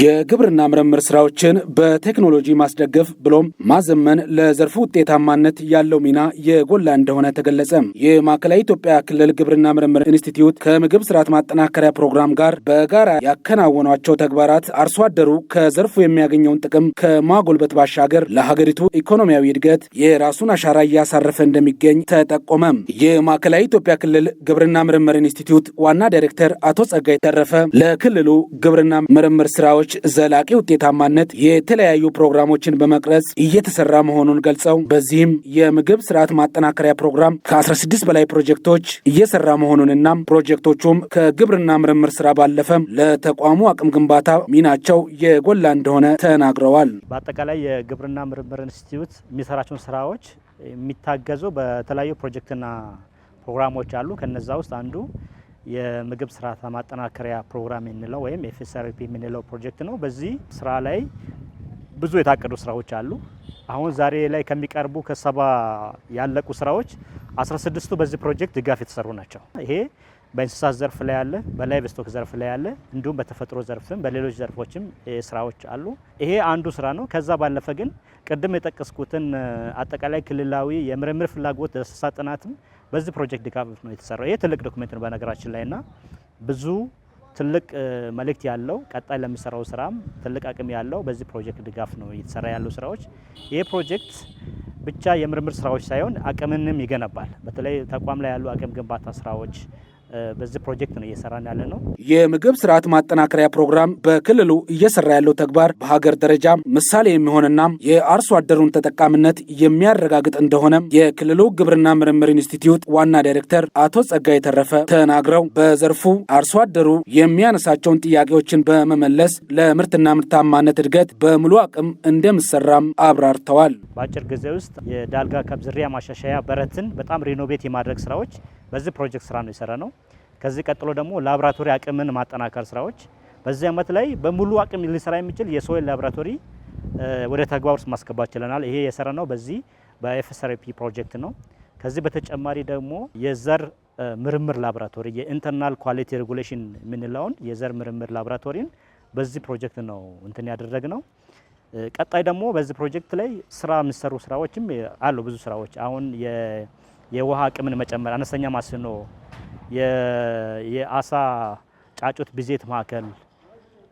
የግብርና ምርምር ስራዎችን በቴክኖሎጂ ማስደገፍ ብሎም ማዘመን ለዘርፉ ውጤታማነት ያለው ሚና የጎላ እንደሆነ ተገለጸ። የማዕከላዊ ኢትዮጵያ ክልል ግብርና ምርምር ኢንስቲትዩት ከምግብ ስርዓት ማጠናከሪያ ፕሮግራም ጋር በጋራ ያከናወኗቸው ተግባራት አርሶ አደሩ ከዘርፉ የሚያገኘውን ጥቅም ከማጎልበት ባሻገር ለሀገሪቱ ኢኮኖሚያዊ እድገት የራሱን አሻራ እያሳረፈ እንደሚገኝ ተጠቆመ። የማዕከላዊ ኢትዮጵያ ክልል ግብርና ምርምር ኢንስቲትዩት ዋና ዳይሬክተር አቶ ጸጋይ ተረፈ ለክልሉ ግብርና ምርምር ስራ ስራዎች ዘላቂ ውጤታማነት የተለያዩ ፕሮግራሞችን በመቅረጽ እየተሰራ መሆኑን ገልጸው በዚህም የምግብ ስርዓት ማጠናከሪያ ፕሮግራም ከ16 በላይ ፕሮጀክቶች እየሰራ መሆኑንና ፕሮጀክቶቹም ከግብርና ምርምር ስራ ባለፈም ለተቋሙ አቅም ግንባታ ሚናቸው የጎላ እንደሆነ ተናግረዋል። በአጠቃላይ የግብርና ምርምር ኢንስቲትዩት የሚሰራቸውን ስራዎች የሚታገዙ በተለያዩ ፕሮጀክትና ፕሮግራሞች አሉ። ከነዛ ውስጥ አንዱ የምግብ ስርዓት ማጠናከሪያ ፕሮግራም የምንለው ወይም ኤፍኤስአርፒ የምንለው ፕሮጀክት ነው። በዚህ ስራ ላይ ብዙ የታቀዱ ስራዎች አሉ። አሁን ዛሬ ላይ ከሚቀርቡ ከሰባ ያለቁ ስራዎች 16ቱ በዚህ ፕሮጀክት ድጋፍ የተሰሩ ናቸው። ይሄ በእንስሳት ዘርፍ ላይ ያለ፣ በላይ በስቶክ ዘርፍ ላይ ያለ እንዲሁም በተፈጥሮ ዘርፍም በሌሎች ዘርፎችም ስራዎች አሉ። ይሄ አንዱ ስራ ነው። ከዛ ባለፈ ግን ቅድም የጠቀስኩትን አጠቃላይ ክልላዊ የምርምር ፍላጎት ዳሰሳ ጥናትም በዚህ ፕሮጀክት ድጋፍ ነው የተሰራው። ይሄ ትልቅ ዶክመንት ነው በነገራችን ላይ እና ብዙ ትልቅ መልእክት ያለው ቀጣይ ለሚሰራው ስራም ትልቅ አቅም ያለው በዚህ ፕሮጀክት ድጋፍ ነው እየተሰራ ያሉ ስራዎች። ይህ ፕሮጀክት ብቻ የምርምር ስራዎች ሳይሆን አቅምንም ይገነባል። በተለይ ተቋም ላይ ያሉ አቅም ግንባታ ስራዎች በዚህ ፕሮጀክት ነው እየሰራን ያለ ነው። የምግብ ስርዓት ማጠናከሪያ ፕሮግራም በክልሉ እየሰራ ያለው ተግባር በሀገር ደረጃ ምሳሌ የሚሆንና የአርሶ አደሩን ተጠቃሚነት የሚያረጋግጥ እንደሆነ የክልሉ ግብርና ምርምር ኢንስቲትዩት ዋና ዳይሬክተር አቶ ጸጋይ ተረፈ ተናግረው በዘርፉ አርሶ አደሩ የሚያነሳቸውን ጥያቄዎችን በመመለስ ለምርትና ምርታማነት እድገት በሙሉ አቅም እንደምሰራም አብራርተዋል። በአጭር ጊዜ ውስጥ የዳልጋ ከብዝሪያ ማሻሻያ በረትን በጣም ሪኖቬት የማድረግ ስራዎች በዚህ ፕሮጀክት ስራ ነው የሰራ ነው። ከዚህ ቀጥሎ ደግሞ ላብራቶሪ አቅምን ማጠናከር ስራዎች በዚህ አመት ላይ በሙሉ አቅም ሊሰራ የሚችል የሶይል ላብራቶሪ ወደ ተግባር ውስጥ ማስገባት ችለናል። ይሄ የሰራ ነው በዚህ በኤፍኤስአርፒ ፕሮጀክት ነው። ከዚህ በተጨማሪ ደግሞ የዘር ምርምር ላብራቶሪ የኢንተርናል ኳሊቲ ሬጉሌሽን የምንለውን የዘር ምርምር ላብራቶሪን በዚህ ፕሮጀክት ነው እንትን ያደረግ ነው። ቀጣይ ደግሞ በዚህ ፕሮጀክት ላይ ስራ የሚሰሩ ስራዎችም አሉ። ብዙ ስራዎች አሁን የውሃ አቅምን መጨመር፣ አነስተኛ ማስኖ፣ የአሳ ጫጩት ብዜት ማዕከል፣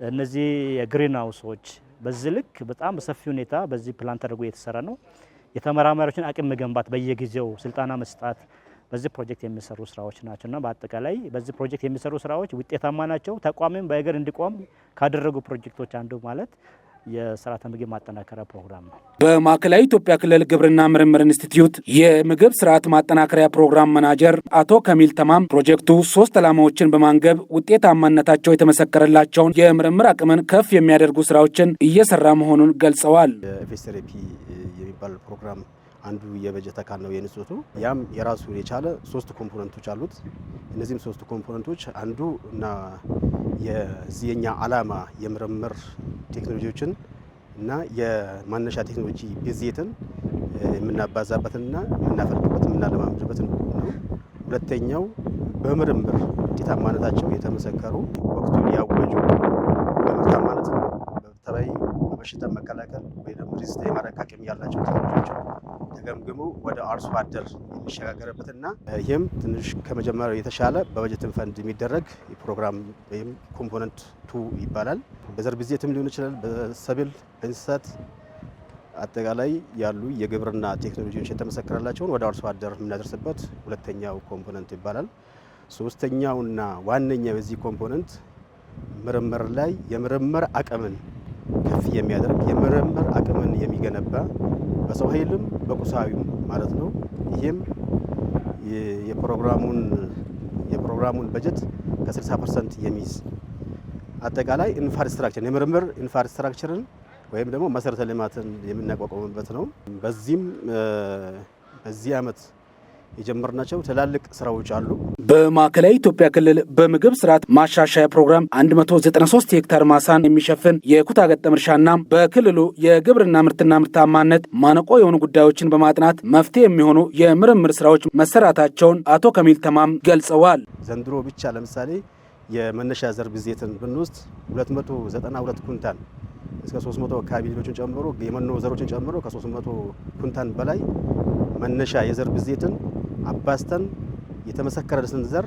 እነዚህ የግሪን ሃውሶች በዚህ ልክ በጣም በሰፊ ሁኔታ በዚህ ፕላን ተደርጎ እየተሰራ ነው። የተመራማሪዎችን አቅም መገንባት፣ በየጊዜው ስልጠና መስጣት በዚህ ፕሮጀክት የሚሰሩ ስራዎች ናቸው እና በአጠቃላይ በዚህ ፕሮጀክት የሚሰሩ ስራዎች ውጤታማ ናቸው። ተቋምም በእግር እንዲቆም ካደረጉ ፕሮጀክቶች አንዱ ማለት የስርዓተ ምግብ ማጠናከሪያ ፕሮግራም ነው። በማዕከላዊ ኢትዮጵያ ክልል ግብርና ምርምር ኢንስቲትዩት የምግብ ስርዓት ማጠናከሪያ ፕሮግራም መናጀር አቶ ከሚል ተማም ፕሮጀክቱ ሶስት ዓላማዎችን በማንገብ ውጤታማነታቸው የተመሰከረላቸውን የምርምር አቅምን ከፍ የሚያደርጉ ስራዎችን እየሰራ መሆኑን ገልጸዋል። የኤፌስተሬፒ የሚባል ፕሮግራም አንዱ የበጀት አካል ነው የንጽቱ ያም የራሱ የቻለ ሶስት ኮምፖነንቶች አሉት። እነዚህም ሶስት ኮምፖነንቶች አንዱ እና የዚህኛ ዓላማ የምርምር ቴክኖሎጂዎችን እና የማነሻ ቴክኖሎጂ ቤዜትን የምናባዛበትንና የምናፈልቅበት የምናለማምድበት ነው። ሁለተኛው በምርምር ውጤታማነታቸው የተመሰከሩ ወቅቱን ያወጁ በምርታማነት በተለይ በበሽታ መከላከል ወይ ደግሞ ሪዚስታ የማረቃቀም ያላቸው ቴክኖሎጂዎች ተገምግሞ ወደ አርሶ አደር የሚሸጋገርበትና ይህም ትንሽ ከመጀመሪያው የተሻለ በበጀትን ፈንድ የሚደረግ የፕሮግራም ወይም ኮምፖነንት ቱ ይባላል። በዘር ብዜትም ሊሆን ይችላል። በሰብል በእንስሳት አጠቃላይ ያሉ የግብርና ቴክኖሎጂዎች የተመሰከረላቸውን ወደ አርሶ አደር የምናደርስበት ሁለተኛው ኮምፖነንት ይባላል። ሶስተኛውና ዋነኛው የዚህ ኮምፖነንት ምርምር ላይ የምርምር አቅምን ከፍ የሚያደርግ የምርምር አቅምን የሚገነባ በሰው ኃይልም በቁሳዊም ማለት ነው። ይህም የፕሮግራሙን የፕሮግራሙን በጀት ከ60 ፐርሰንት የሚይዝ አጠቃላይ ኢንፍራስትራክቸር የምርምር ኢንፍራስትራክቸርን ወይም ደግሞ መሰረተ ልማትን የምናቋቋምበት ነው። በዚህም በዚህ ዓመት የጀመርናቸው ትላልቅ ስራዎች አሉ። በማዕከላዊ ኢትዮጵያ ክልል በምግብ ስርዓት ማሻሻያ ፕሮግራም 193 ሄክታር ማሳን የሚሸፍን የኩታ ገጠም እርሻና በክልሉ የግብርና ምርትና ምርታማነት ማነቆ የሆኑ ጉዳዮችን በማጥናት መፍትሄ የሚሆኑ የምርምር ስራዎች መሰራታቸውን አቶ ከሚል ተማም ገልጸዋል። ዘንድሮ ብቻ ለምሳሌ የመነሻ ዘር ብዜትን ብንወስድ 292 ኩንታል እስከ 300 አካባቢ ልጆችን ጨምሮ የመኖ ዘሮችን ጨምሮ ከ300 ኩንታል በላይ መነሻ የዘር ብዜትን አባስተን የተመሰከረልን ዘር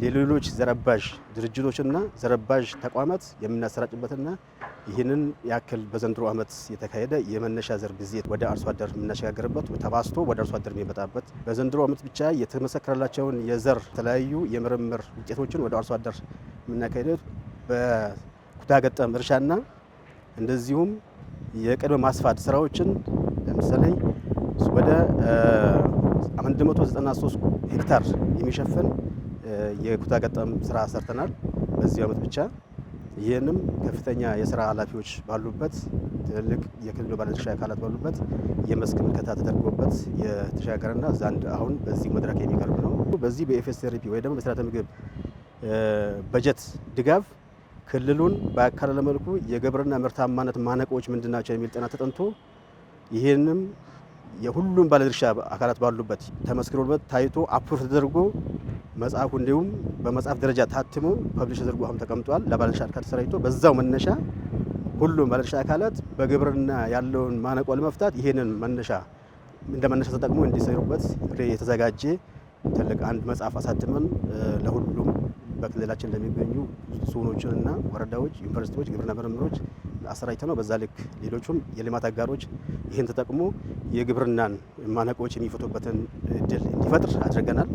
ለሌሎች ዘረባዥ ድርጅቶችና ዘረባዥ ተቋማት የምናሰራጭበትና ይህንን ያክል በዘንድሮ ዓመት የተካሄደ የመነሻ ዘር ጊዜ ወደ አርሶ አደር የምናሸጋገርበት ተባስቶ ወደ አርሶ አደር የሚመጣበት በዘንድሮ ዓመት ብቻ የተመሰከረላቸውን የዘር የተለያዩ የምርምር ውጤቶችን ወደ አርሶ አደር የምናካሄደው በኩታገጠም እርሻና እንደዚሁም የቅድመ ማስፋት ስራዎችን ለምሳሌ ወደ 193 ሄክታር የሚሸፍን የኩታ ገጠም ስራ ሰርተናል በዚህ ዓመት ብቻ። ይህንም ከፍተኛ የስራ ኃላፊዎች ባሉበት ትልልቅ የክልሉ ባለድርሻ አካላት ባሉበት የመስክ ምልከታ ተደርጎበት የተሻገረና ዛንድ አሁን በዚህ መድረክ የሚቀርብ ነው። በዚህ በኤፍኤስሪፒ ወይ ደግሞ በስርዓተ ምግብ በጀት ድጋፍ ክልሉን በአካላለ መልኩ የግብርና ምርታማነት ማነቆዎች ምንድናቸው የሚል ጥናት ተጠንቶ ይህንም የሁሉም ባለድርሻ አካላት ባሉበት ተመስክሮበት ታይቶ አፕሮቭ ተደርጎ መጽሐፉ እንዲሁም በመጽሐፍ ደረጃ ታትሞ ፐብሊሽ ተደርጎ አሁን ተቀምጧል። ለባለድርሻ አካል ተሰራጭቶ በዛው መነሻ ሁሉም ባለድርሻ አካላት በግብርና ያለውን ማነቆ ለመፍታት ይህንን መነሻ እንደ መነሻ ተጠቅሞ እንዲሰሩበት የተዘጋጀ ትልቅ አንድ መጽሐፍ አሳትመን ለሁሉም በክልላችን ለሚገኙ ዞኖችንና ወረዳዎች፣ ዩኒቨርሲቲዎች፣ ግብርና ምርምሮች አሰራጭተው ነው። በዛ ልክ ሌሎቹም የልማት አጋሮች ይህን ተጠቅሞ የግብርናን ማነቆች የሚፈቱበትን እድል እንዲፈጥር አድርገናል።